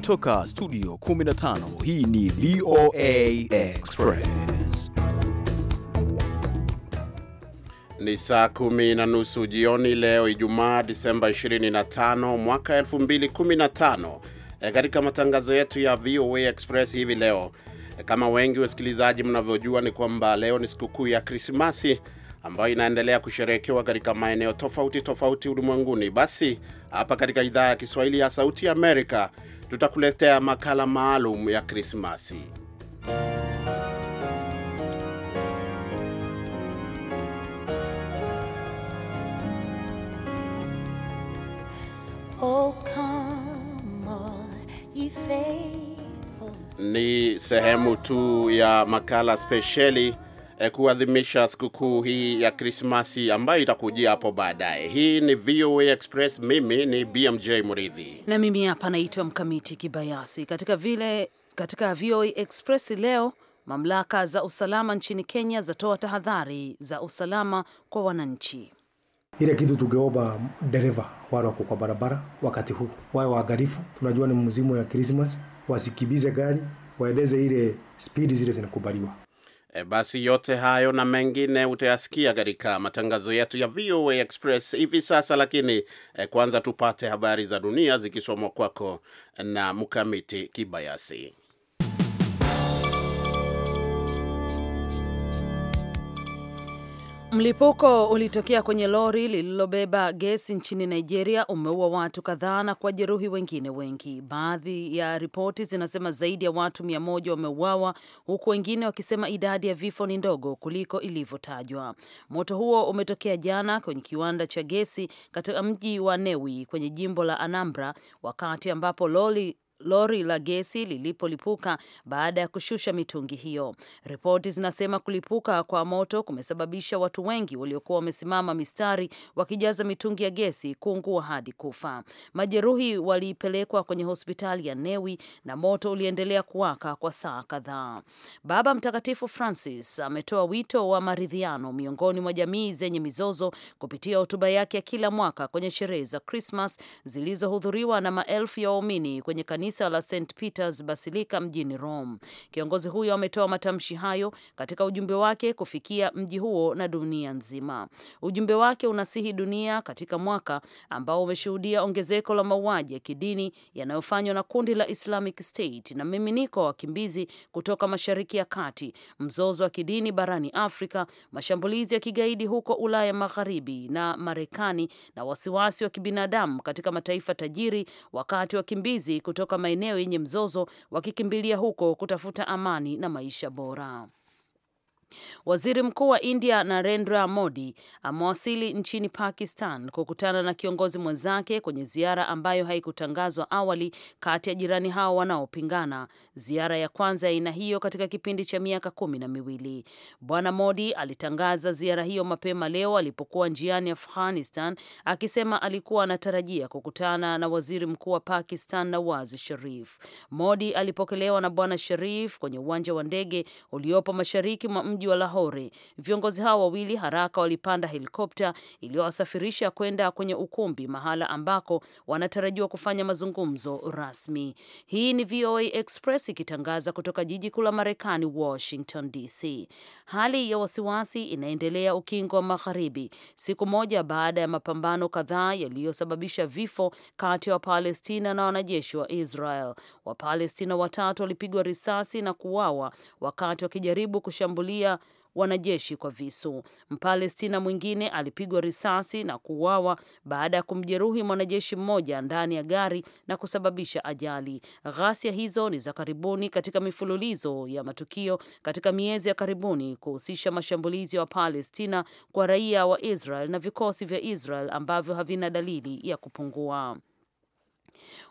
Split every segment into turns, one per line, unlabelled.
kutoka studio 15 hii ni VOA
Express
ni saa kumi na nusu jioni leo Ijumaa Disemba 25 mwaka 2015 e, katika matangazo yetu ya VOA Express hivi leo e, kama wengi wasikilizaji mnavyojua ni kwamba leo ni sikukuu ya Krismasi ambayo inaendelea kusherehekewa katika maeneo tofauti tofauti ulimwenguni. Basi hapa katika idhaa ya Kiswahili ya Sauti Amerika tutakuletea makala maalum ya Krismasi. Ni sehemu tu ya makala spesheli eh, kuadhimisha sikukuu hii ya Krismasi ambayo itakujia hapo baadaye. Hii ni VOA Express, mimi ni BMJ Muridhi
na mimi hapa naitwa Mkamiti Kibayasi. Katika vile katika VOA Express leo Mamlaka za usalama nchini Kenya zatoa tahadhari za usalama kwa wananchi.
Ile kitu tungeomba dereva wale wako kwa barabara wakati huu wawe waangalifu, tunajua ni mzimu ya Krismas, wasikibize gari, waendeze ile spidi zile zinakubaliwa.
E, basi yote hayo na mengine utayasikia katika matangazo yetu ya VOA Express hivi sasa, lakini e, kwanza tupate habari za dunia zikisomwa kwako na Mkamiti Kibayasi.
Mlipuko ulitokea kwenye lori lililobeba gesi nchini Nigeria umeua watu kadhaa na kuwajeruhi wengine wengi. Baadhi ya ripoti zinasema zaidi ya watu mia moja wameuawa huku wengine wakisema idadi ya vifo ni ndogo kuliko ilivyotajwa. Moto huo umetokea jana kwenye kiwanda cha gesi katika mji wa Newi kwenye jimbo la Anambra wakati ambapo lori lori la gesi lilipolipuka baada ya kushusha mitungi hiyo. Ripoti zinasema kulipuka kwa moto kumesababisha watu wengi waliokuwa wamesimama mistari wakijaza mitungi ya gesi kuungua hadi kufa. Majeruhi walipelekwa kwenye hospitali ya Newi na moto uliendelea kuwaka kwa saa kadhaa. Baba Mtakatifu Francis ametoa wito wa maridhiano miongoni mwa jamii zenye mizozo kupitia hotuba yake ya kila mwaka kwenye sherehe za Krismas zilizohudhuriwa na maelfu ya waumini kwenye kanisa kanisa la St Peters Basilica mjini Rome. Kiongozi huyo ametoa matamshi hayo katika ujumbe wake kufikia mji huo na dunia nzima. Ujumbe wake unasihi dunia katika mwaka ambao umeshuhudia ongezeko la mauaji ya kidini yanayofanywa na kundi la Islamic State na miminiko wa wakimbizi kutoka Mashariki ya Kati, mzozo wa kidini barani Afrika, mashambulizi ya kigaidi huko Ulaya Magharibi na Marekani na wasiwasi wa kibinadamu katika mataifa tajiri, wakati wakimbizi kutoka maeneo yenye mzozo wakikimbilia huko kutafuta amani na maisha bora. Waziri Mkuu wa India Narendra Modi amewasili nchini Pakistan kukutana na kiongozi mwenzake kwenye ziara ambayo haikutangazwa awali kati ya jirani hao wanaopingana, ziara ya kwanza ya aina hiyo katika kipindi cha miaka kumi na miwili. Bwana Modi alitangaza ziara hiyo mapema leo alipokuwa njiani Afghanistan, akisema alikuwa anatarajia kukutana na waziri mkuu wa Pakistan Nawaz Sharif. Modi alipokelewa na Bwana Sharif kwenye uwanja wa ndege uliopo mashariki mwa mji wa Lahore. Viongozi hao wawili haraka walipanda helikopta iliyowasafirisha kwenda kwenye ukumbi, mahala ambako wanatarajiwa kufanya mazungumzo rasmi. Hii ni VOA Express ikitangaza kutoka jiji kuu la Marekani, Washington DC. Hali ya wasiwasi inaendelea ukingo wa Magharibi, siku moja baada ya mapambano kadhaa yaliyosababisha vifo kati ya Wapalestina na wanajeshi wa Israel. Wapalestina watatu walipigwa risasi na kuuawa wakati wakijaribu kushambulia kuwachochea wanajeshi kwa visu. Mpalestina mwingine alipigwa risasi na kuuawa baada ya kumjeruhi mwanajeshi mmoja ndani ya gari na kusababisha ajali. Ghasia hizo ni za karibuni katika mifululizo ya matukio katika miezi ya karibuni kuhusisha mashambulizi ya Wapalestina kwa raia wa Israel na vikosi vya Israel ambavyo havina dalili ya kupungua.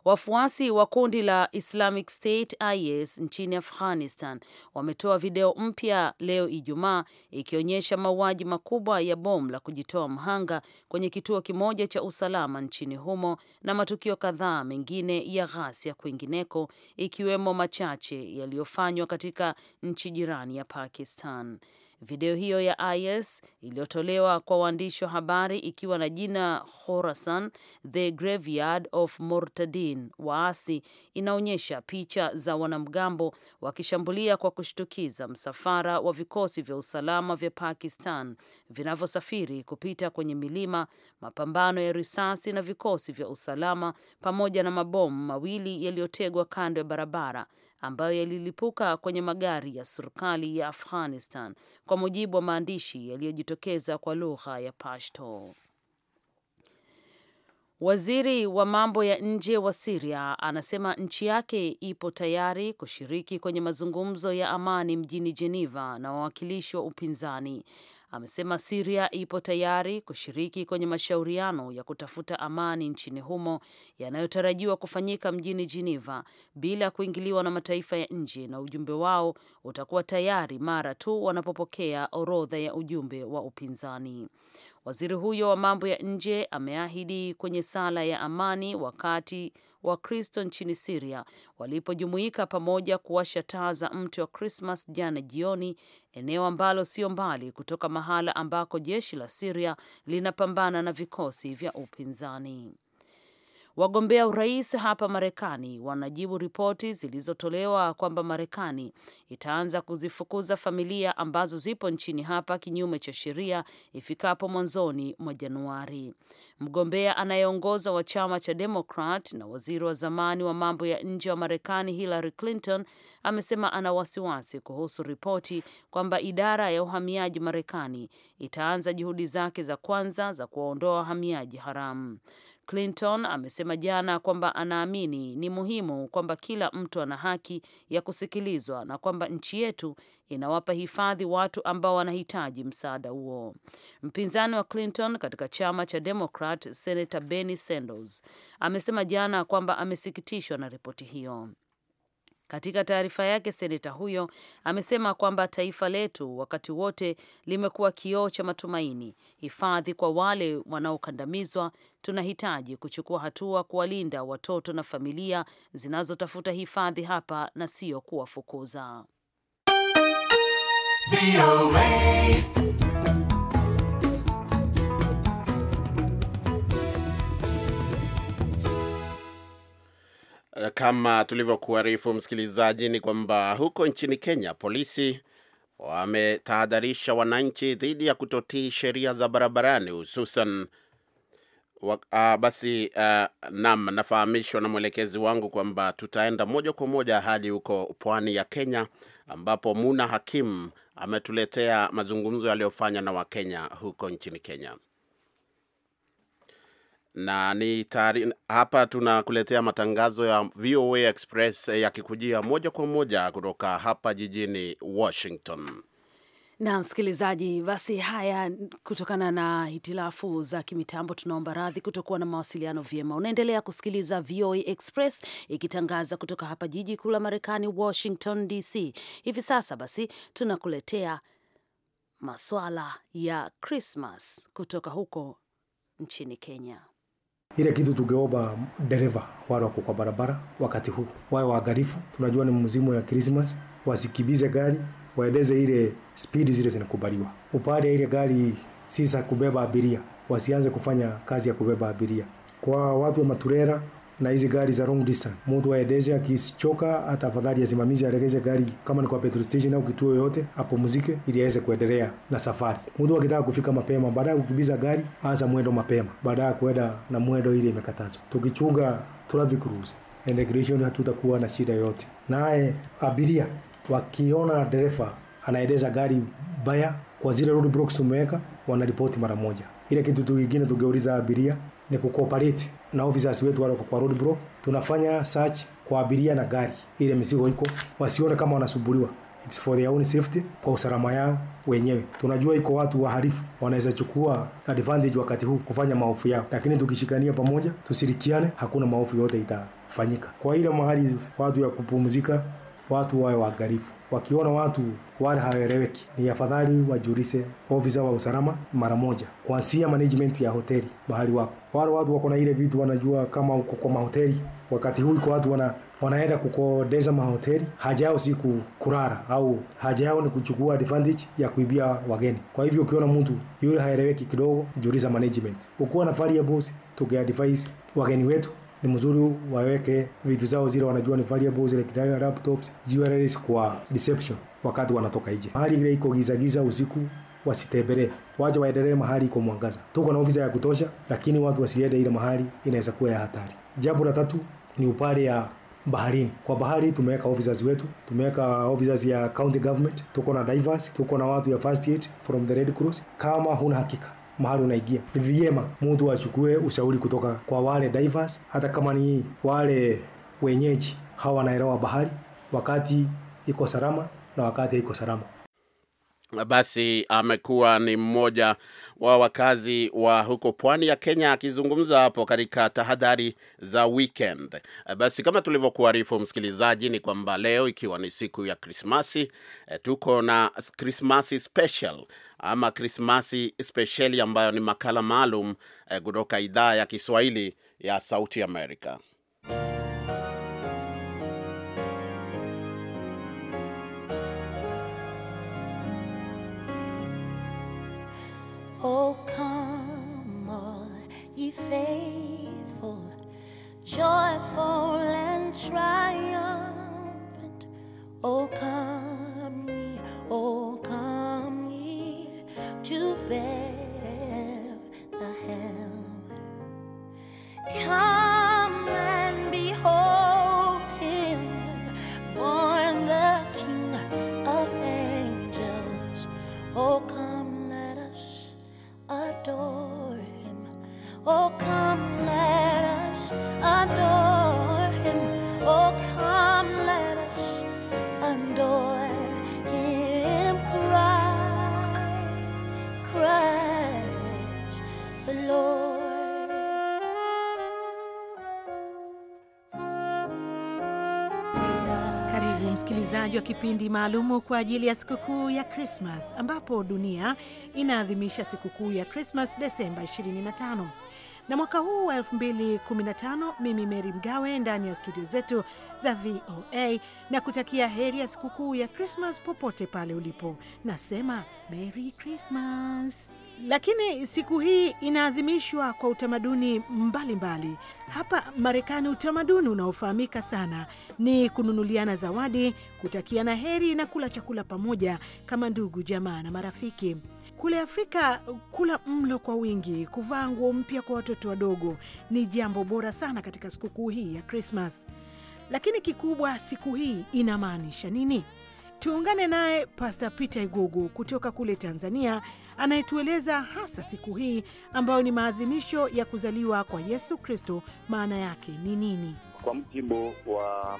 Wafuasi wa kundi la Islamic State IS nchini Afghanistan wametoa video mpya leo Ijumaa ikionyesha mauaji makubwa ya bomu la kujitoa mhanga kwenye kituo kimoja cha usalama nchini humo na matukio kadhaa mengine ya ghasia kwingineko, ikiwemo machache yaliyofanywa katika nchi jirani ya Pakistan. Video hiyo ya IS iliyotolewa kwa waandishi wa habari ikiwa na jina Khorasan, the graveyard of Mortadin waasi, inaonyesha picha za wanamgambo wakishambulia kwa kushtukiza msafara wa vikosi vya usalama vya Pakistan vinavyosafiri kupita kwenye milima, mapambano ya risasi na vikosi vya usalama pamoja na mabomu mawili yaliyotegwa kando ya barabara ambayo yalilipuka kwenye magari ya serikali ya Afghanistan, kwa mujibu wa maandishi yaliyojitokeza kwa lugha ya Pashto. Waziri wa mambo ya nje wa Siria anasema nchi yake ipo tayari kushiriki kwenye mazungumzo ya amani mjini Jeneva na wawakilishi wa upinzani amesema Siria ipo tayari kushiriki kwenye mashauriano ya kutafuta amani nchini humo yanayotarajiwa kufanyika mjini Geneva bila kuingiliwa na mataifa ya nje, na ujumbe wao utakuwa tayari mara tu wanapopokea orodha ya ujumbe wa upinzani. Waziri huyo wa mambo ya nje ameahidi kwenye sala ya amani wakati Wakristo nchini Siria walipojumuika pamoja kuwasha taa za mti wa Krismas jana jioni, eneo ambalo sio mbali kutoka mahala ambako jeshi la Siria linapambana na vikosi vya upinzani. Wagombea urais hapa Marekani wanajibu ripoti zilizotolewa kwamba Marekani itaanza kuzifukuza familia ambazo zipo nchini hapa kinyume cha sheria ifikapo mwanzoni mwa Januari. Mgombea anayeongoza wa chama cha Demokrat na waziri wa zamani wa mambo ya nje wa Marekani Hillary Clinton amesema ana wasiwasi kuhusu ripoti kwamba idara ya uhamiaji Marekani itaanza juhudi zake za kwanza za kuwaondoa wahamiaji haramu. Clinton amesema jana kwamba anaamini ni muhimu kwamba kila mtu ana haki ya kusikilizwa na kwamba nchi yetu inawapa hifadhi watu ambao wanahitaji msaada huo. Mpinzani wa Clinton katika chama cha Democrat, Senator Bernie Sanders amesema jana kwamba amesikitishwa na ripoti hiyo. Katika taarifa yake, seneta huyo amesema kwamba taifa letu wakati wote limekuwa kioo cha matumaini, hifadhi kwa wale wanaokandamizwa. Tunahitaji kuchukua hatua kuwalinda watoto na familia zinazotafuta hifadhi hapa na sio kuwafukuza.
Kama tulivyokuarifu msikilizaji, ni kwamba huko nchini Kenya polisi wametahadharisha wananchi dhidi ya kutotii sheria za barabarani hususan uh, basi uh, nam nafahamishwa na mwelekezi wangu kwamba tutaenda moja kwa moja hadi huko pwani ya Kenya ambapo Muna Hakim ametuletea mazungumzo yaliyofanywa na Wakenya huko nchini Kenya na ni tari, hapa tunakuletea matangazo ya VOA Express yakikujia moja kwa moja kutoka hapa jijini Washington.
Na msikilizaji, basi haya, kutokana na hitilafu za kimitambo, tunaomba radhi kutokuwa na mawasiliano vyema. Unaendelea kusikiliza VOA Express ikitangaza kutoka hapa jiji kuu la Marekani, Washington DC. Hivi sasa basi tunakuletea maswala ya Krismas kutoka huko nchini Kenya
ile kitu tungeomba dereva wale wako kwa barabara wakati huu wawe waangalifu. Tunajua ni mzimu ya Krismas, wasikibize gari, waendeze ile spidi zile zinakubaliwa. Upande ile gari si za kubeba abiria, wasianze kufanya kazi ya kubeba abiria. Kwa watu wa maturera na hizi gari za long distance. Mtu aendeshe akichoka, hata afadhali asimamizi, aregeze gari kama ni kwa petrol station au kituo yoyote, apumzike ili aweze kuendelea na safari. Mtu akitaka kufika mapema, baadaye kukibiza gari, anza mwendo mapema, baadaye kuenda na mwendo ile imekatazwa. Tukichunga traffic rules integration, hatutakuwa na shida yoyote. Naye abiria wakiona dereva anaendesha gari baya, kwa zile roadblocks tumeweka, wanaripoti mara moja. Ile kitu kingine tungeuliza abiria ni kucooperate na officers wetu wale kwa road block. Tunafanya search kwa abiria na gari, ile mizigo iko, wasione kama wanasubuliwa It's for their own safety, kwa usalama yao wenyewe. Tunajua iko watu waharifu wanaweza chukua advantage wakati huu kufanya maofu yao, lakini tukishikania pamoja, tushirikiane, hakuna maofu yote itafanyika. Kwa ile mahali watu ya kupumzika watu wawe waangalifu. Wakiona watu wale hawaeleweki, ni afadhali wajulise ofisa wa usalama mara moja, kuanzia management ya hoteli bahali wako. Wale watu wako na ile vitu wanajua kama uko kwa mahoteli, wakati huu kwa watu wana wanaenda kukodeza mahoteli. Haja yao si kulala au haja yao ni kuchukua advantage ya kuibia wageni. Kwa hivyo ukiona mtu yule haeleweki kidogo, juliza management. Ukiwa na variables, tukiadvise wageni wetu ni mzuri waweke vitu zao zile wanajua ni valuables like laptops jewelries kwa reception wakati wanatoka nje. Mahali ile iko giza giza usiku wasitembele, waje waendelee mahali iko mwangaza. Tuko na ofisa ya kutosha, lakini watu wasiende ile mahali, inaweza kuwa ya hatari. Jambo la tatu ni upande ya baharini. Kwa bahari tumeweka officers wetu, tumeweka officers ya county government, tuko na divers, tuko na watu ya first aid from the Red Cross. Kama huna hakika mahali unaingia. Ni vyema mtu achukue ushauri kutoka kwa wale divers, hata kama ni wale wenyeji wanaelewa bahari, wakati iko salama na wakati iko salama.
Basi amekuwa ni mmoja wa wakazi wa huko pwani ya Kenya akizungumza hapo katika tahadhari za weekend. Basi kama tulivyokuarifu msikilizaji, ni kwamba leo ikiwa ni siku ya Krismasi, eh, tuko na Krismasi special ama Krismasi spesheli ambayo ni makala maalum eh, kutoka idhaa ya Kiswahili ya Sauti Amerika.
Oh, come all ye faithful, joyful and
ndio kipindi maalumu kwa ajili ya sikukuu ya Krismas ambapo dunia inaadhimisha sikukuu ya Krismas Desemba 25 na mwaka huu wa 2015. Mimi Meri Mgawe ndani ya studio zetu za VOA na kutakia heri ya sikukuu ya Krismas popote pale ulipo, nasema Merry Krismas. Lakini siku hii inaadhimishwa kwa utamaduni mbalimbali mbali. Hapa Marekani utamaduni unaofahamika sana ni kununuliana zawadi, kutakiana heri na kula chakula pamoja kama ndugu, jamaa na marafiki. Kule Afrika kula mlo kwa wingi, kuvaa nguo mpya kwa watoto wadogo ni jambo bora sana katika sikukuu hii ya Krismas. Lakini kikubwa, siku hii inamaanisha nini? Tuungane naye Pasta Peter Igogo kutoka kule Tanzania anayetueleza hasa siku hii ambayo ni maadhimisho ya kuzaliwa kwa Yesu Kristo, maana yake ni nini?
Kwa mujibu wa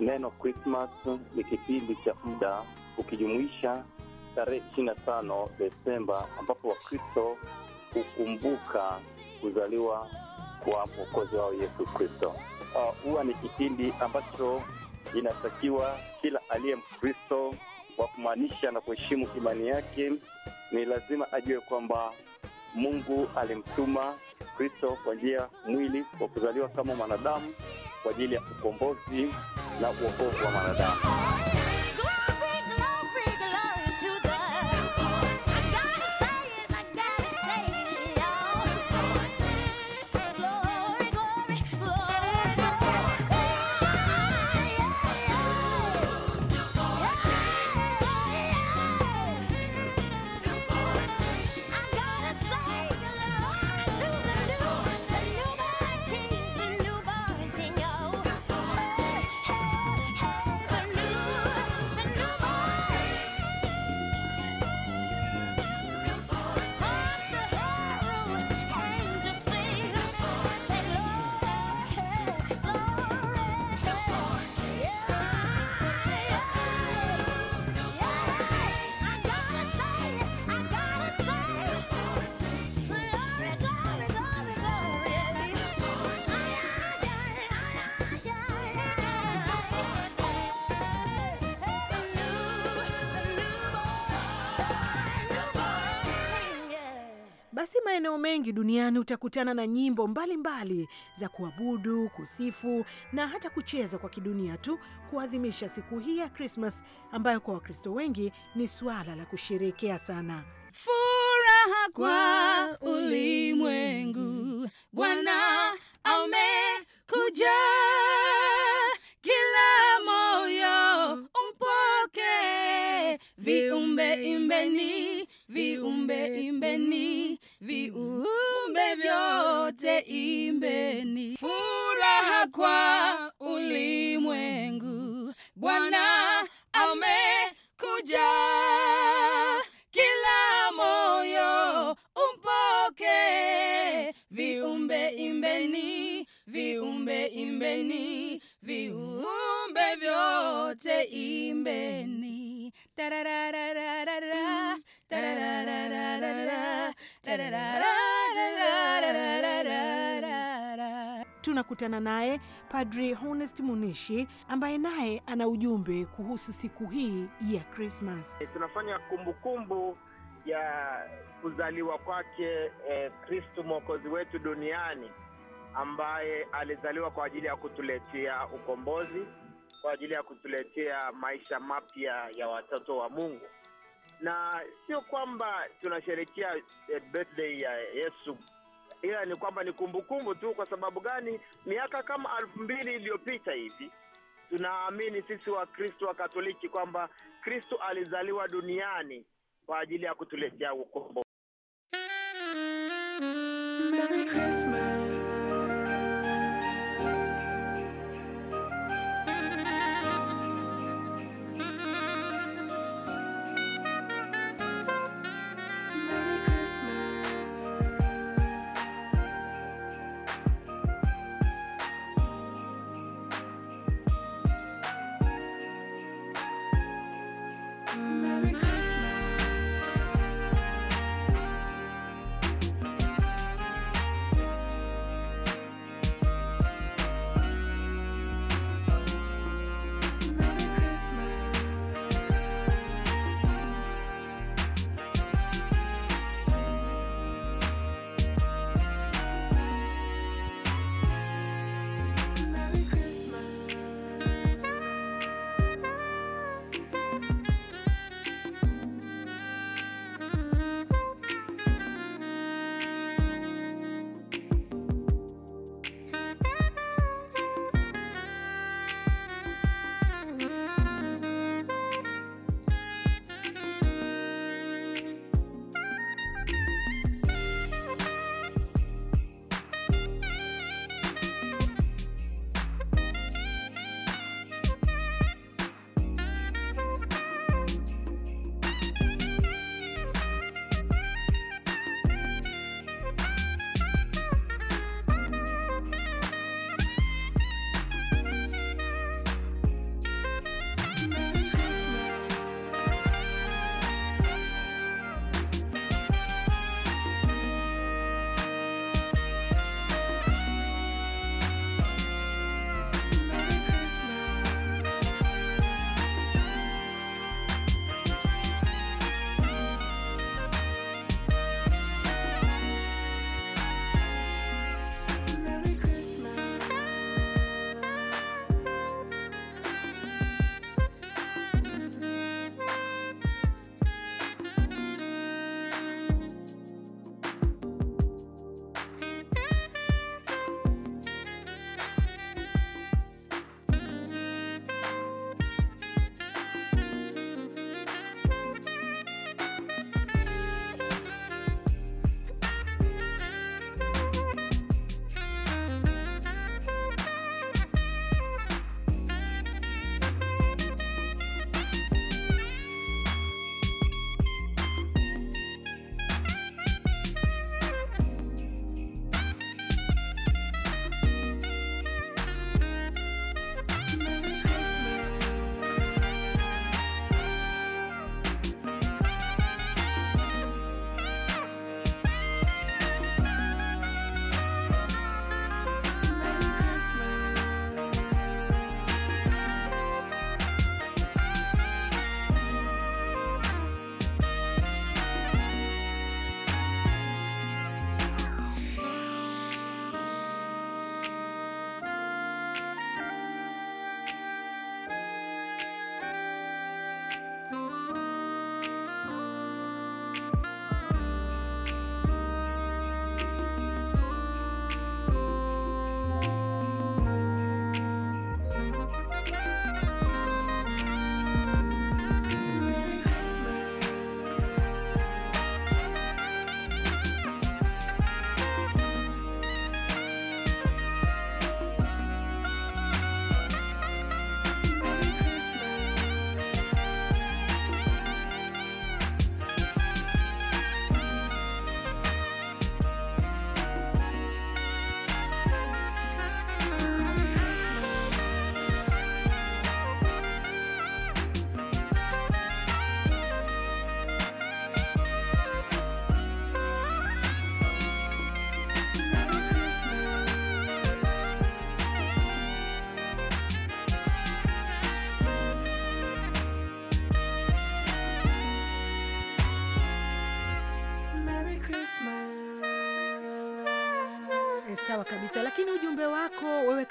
neno Christmas ni kipindi cha muda ukijumuisha tarehe 25 Desemba ambapo Wakristo hukumbuka kuzaliwa kwa mwokozi wao Yesu Kristo. Ah, huwa uh, ni kipindi ambacho inatakiwa kila aliye Mkristo wa kumaanisha na kuheshimu imani yake ni lazima ajue kwamba Mungu alimtuma Kristo kwa njia mwili kwa kuzaliwa kama mwanadamu kwa ajili ya ukombozi na uokovu wa mwanadamu.
wengi duniani utakutana na nyimbo mbalimbali mbali za kuabudu, kusifu na hata kucheza kwa kidunia tu kuadhimisha siku hii ya Krismas ambayo kwa Wakristo wengi ni suala la kusherekea sana.
Furaha kwa ulimwengu, Bwana amekuja, kila moyo
umpoke, viumbe imbeni, viumbe imbeni viumbe vyote imbeni
furaha kwa
tunakutana naye Padri Honest Munishi ambaye naye ana ujumbe kuhusu siku hii ya Krismas. Eh,
tunafanya kumbukumbu ya kuzaliwa kwake eh, Kristu e, mwokozi wetu duniani ambaye alizaliwa kwa ajili ya kutuletea ukombozi, kwa ajili ya kutuletea maisha mapya ya watoto wa Mungu, na sio kwamba tunasherehekea eh, birthday ya Yesu ila ni kwamba ni kumbukumbu tu. Kwa sababu gani? Miaka kama elfu mbili iliyopita hivi tunaamini sisi Wakristo wa Katoliki kwamba Kristo alizaliwa duniani kwa ajili ya kutuletea ukombo.
Merry Christmas.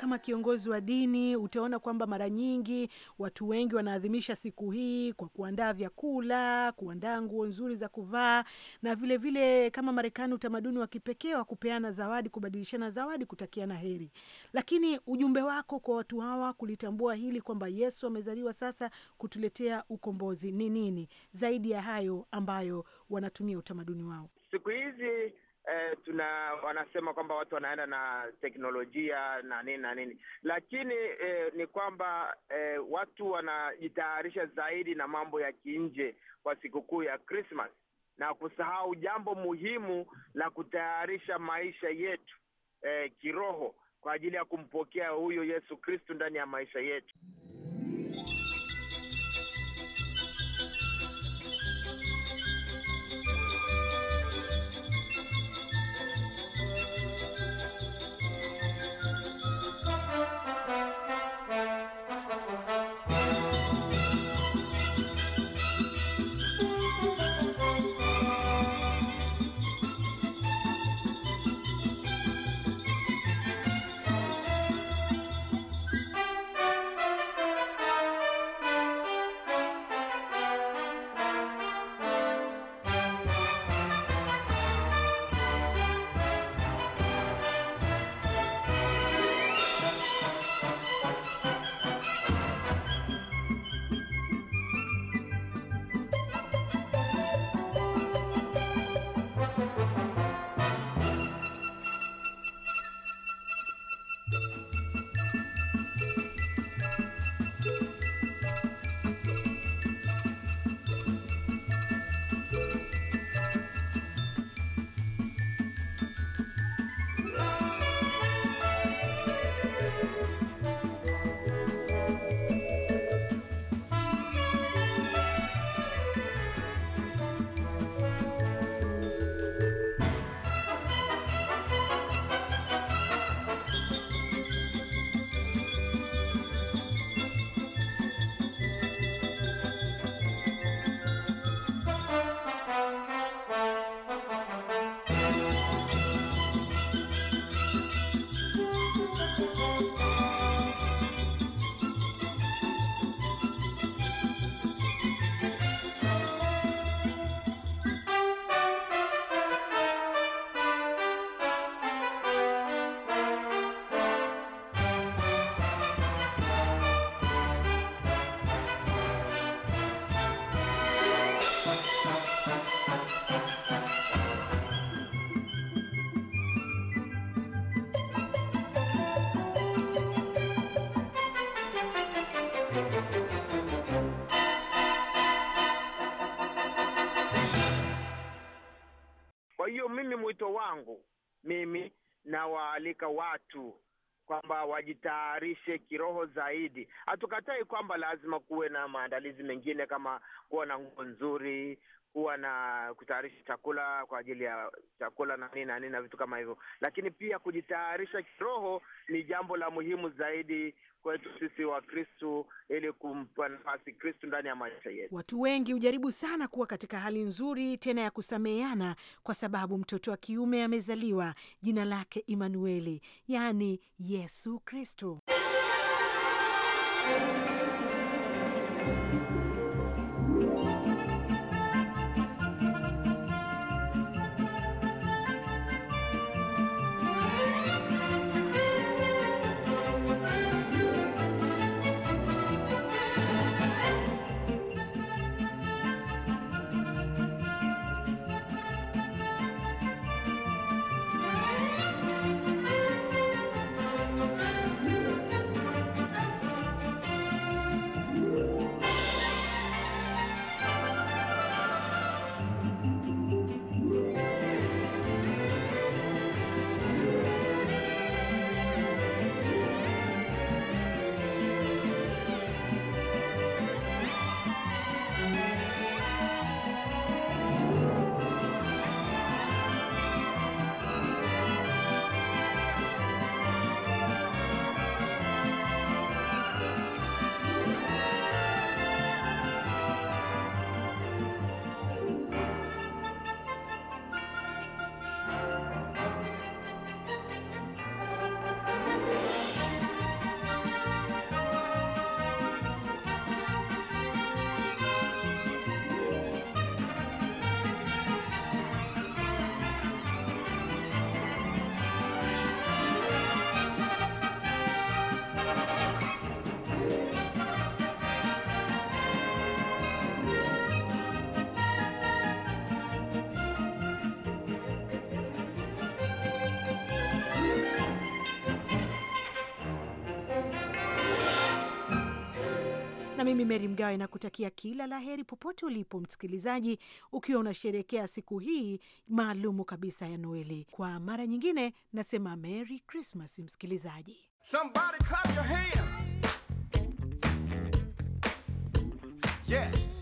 kama kiongozi wa dini utaona kwamba mara nyingi watu wengi wanaadhimisha siku hii kwa kuandaa vyakula, kuandaa nguo nzuri za kuvaa, na vilevile vile kama Marekani, utamaduni wa kipekee wa kupeana zawadi, kubadilishana zawadi, kutakiana heri. Lakini ujumbe wako kwa watu hawa kulitambua hili kwamba Yesu amezaliwa sasa kutuletea ukombozi ni nini zaidi ya hayo ambayo wanatumia utamaduni wao
siku hizi eh, tuna wanasema kwamba watu wanaenda na teknolojia na nini na nini, lakini eh, ni kwamba eh, watu wanajitayarisha zaidi na mambo ya kinje kwa sikukuu ya Christmas na kusahau jambo muhimu la kutayarisha maisha yetu eh, kiroho kwa ajili ya kumpokea huyo Yesu Kristo ndani ya maisha yetu. wito wangu mimi nawaalika watu kwamba wajitayarishe kiroho zaidi. Hatukatai kwamba lazima kuwe na maandalizi mengine kama kuwa na nguo nzuri, kuwa na kutayarisha chakula kwa ajili ya chakula na nini na nini na vitu kama hivyo, lakini pia kujitayarisha kiroho ni jambo la muhimu zaidi kwetu sisi wa Kristu ili kumpa nafasi Kristu ndani
ya maisha yetu. Watu wengi hujaribu sana kuwa katika hali nzuri tena ya kusameheana, kwa sababu mtoto wa kiume amezaliwa, jina lake Imanueli, yaani Yesu Kristu. Na mimi Meri Mgawe nakutakia kila la heri popote ulipo msikilizaji, ukiwa unasherekea siku hii maalumu kabisa ya Noeli. Kwa mara nyingine nasema Merry Christmas msikilizaji.
Somebody clap your hands. Yes.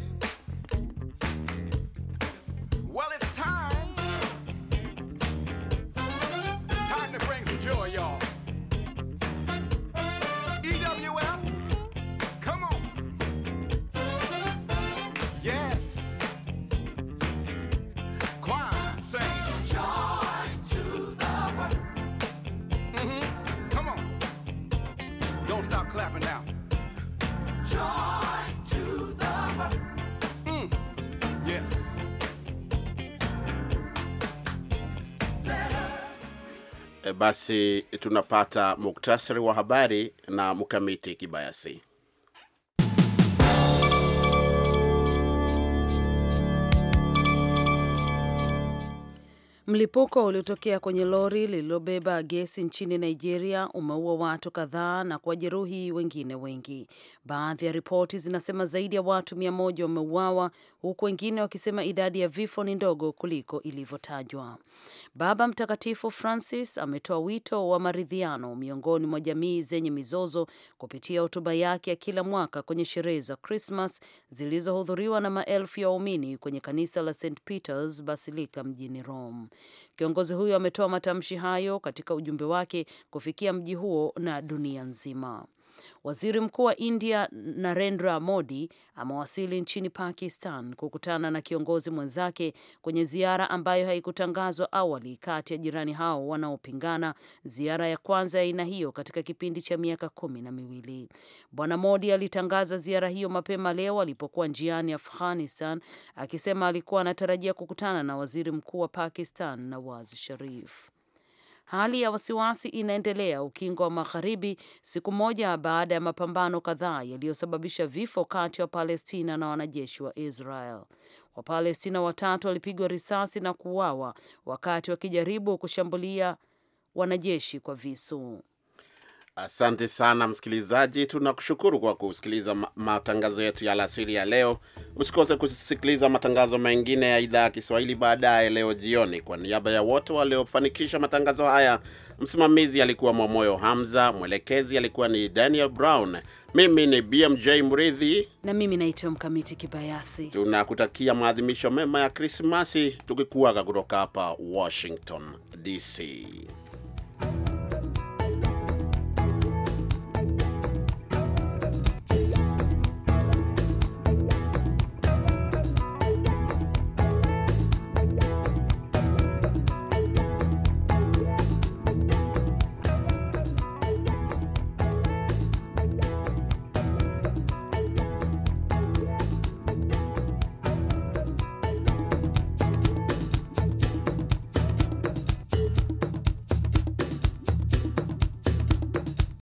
clapping now. Joy to the world. mm. Yes.
E, basi tunapata muktasari wa habari na mkamiti Kibayasi.
Mlipuko uliotokea kwenye lori lililobeba gesi nchini Nigeria umeua watu kadhaa na kuwajeruhi wengine wengi. Baadhi ya ripoti zinasema zaidi ya watu mia moja wameuawa, huku wengine wakisema idadi ya vifo ni ndogo kuliko ilivyotajwa. Baba Mtakatifu Francis ametoa wito wa maridhiano miongoni mwa jamii zenye mizozo kupitia hotuba yake ya kila mwaka kwenye sherehe za Krismas zilizohudhuriwa na maelfu ya waumini kwenye kanisa la St Peters Basilica mjini Rome. Kiongozi huyo ametoa matamshi hayo katika ujumbe wake kufikia mji huo na dunia nzima. Waziri Mkuu wa India Narendra Modi amewasili nchini Pakistan kukutana na kiongozi mwenzake kwenye ziara ambayo haikutangazwa awali kati ya jirani hao wanaopingana, ziara ya kwanza ya aina hiyo katika kipindi cha miaka kumi na miwili. Bwana Modi alitangaza ziara hiyo mapema leo alipokuwa njiani Afghanistan, akisema alikuwa anatarajia kukutana na waziri mkuu wa Pakistan Nawaz Sharif. Hali ya wasiwasi inaendelea ukingo wa magharibi, siku moja baada ya mapambano kadhaa yaliyosababisha vifo kati ya Wapalestina na wanajeshi wa Israel. Wapalestina watatu walipigwa risasi na kuuawa wakati wakijaribu kushambulia wanajeshi kwa visu.
Asante sana msikilizaji, tunakushukuru kwa kusikiliza matangazo yetu ya alasiri ya leo. Usikose kusikiliza matangazo mengine ya idhaa ya Kiswahili baadaye leo jioni. Kwa niaba ya wote waliofanikisha matangazo haya, msimamizi alikuwa Mwamoyo Hamza, mwelekezi alikuwa ni Daniel Brown, mimi ni BMJ Mridhi
na mimi naitwa Mkamiti Kibayasi.
Tunakutakia maadhimisho mema ya Krismasi, tukikuaga kutoka hapa Washington DC.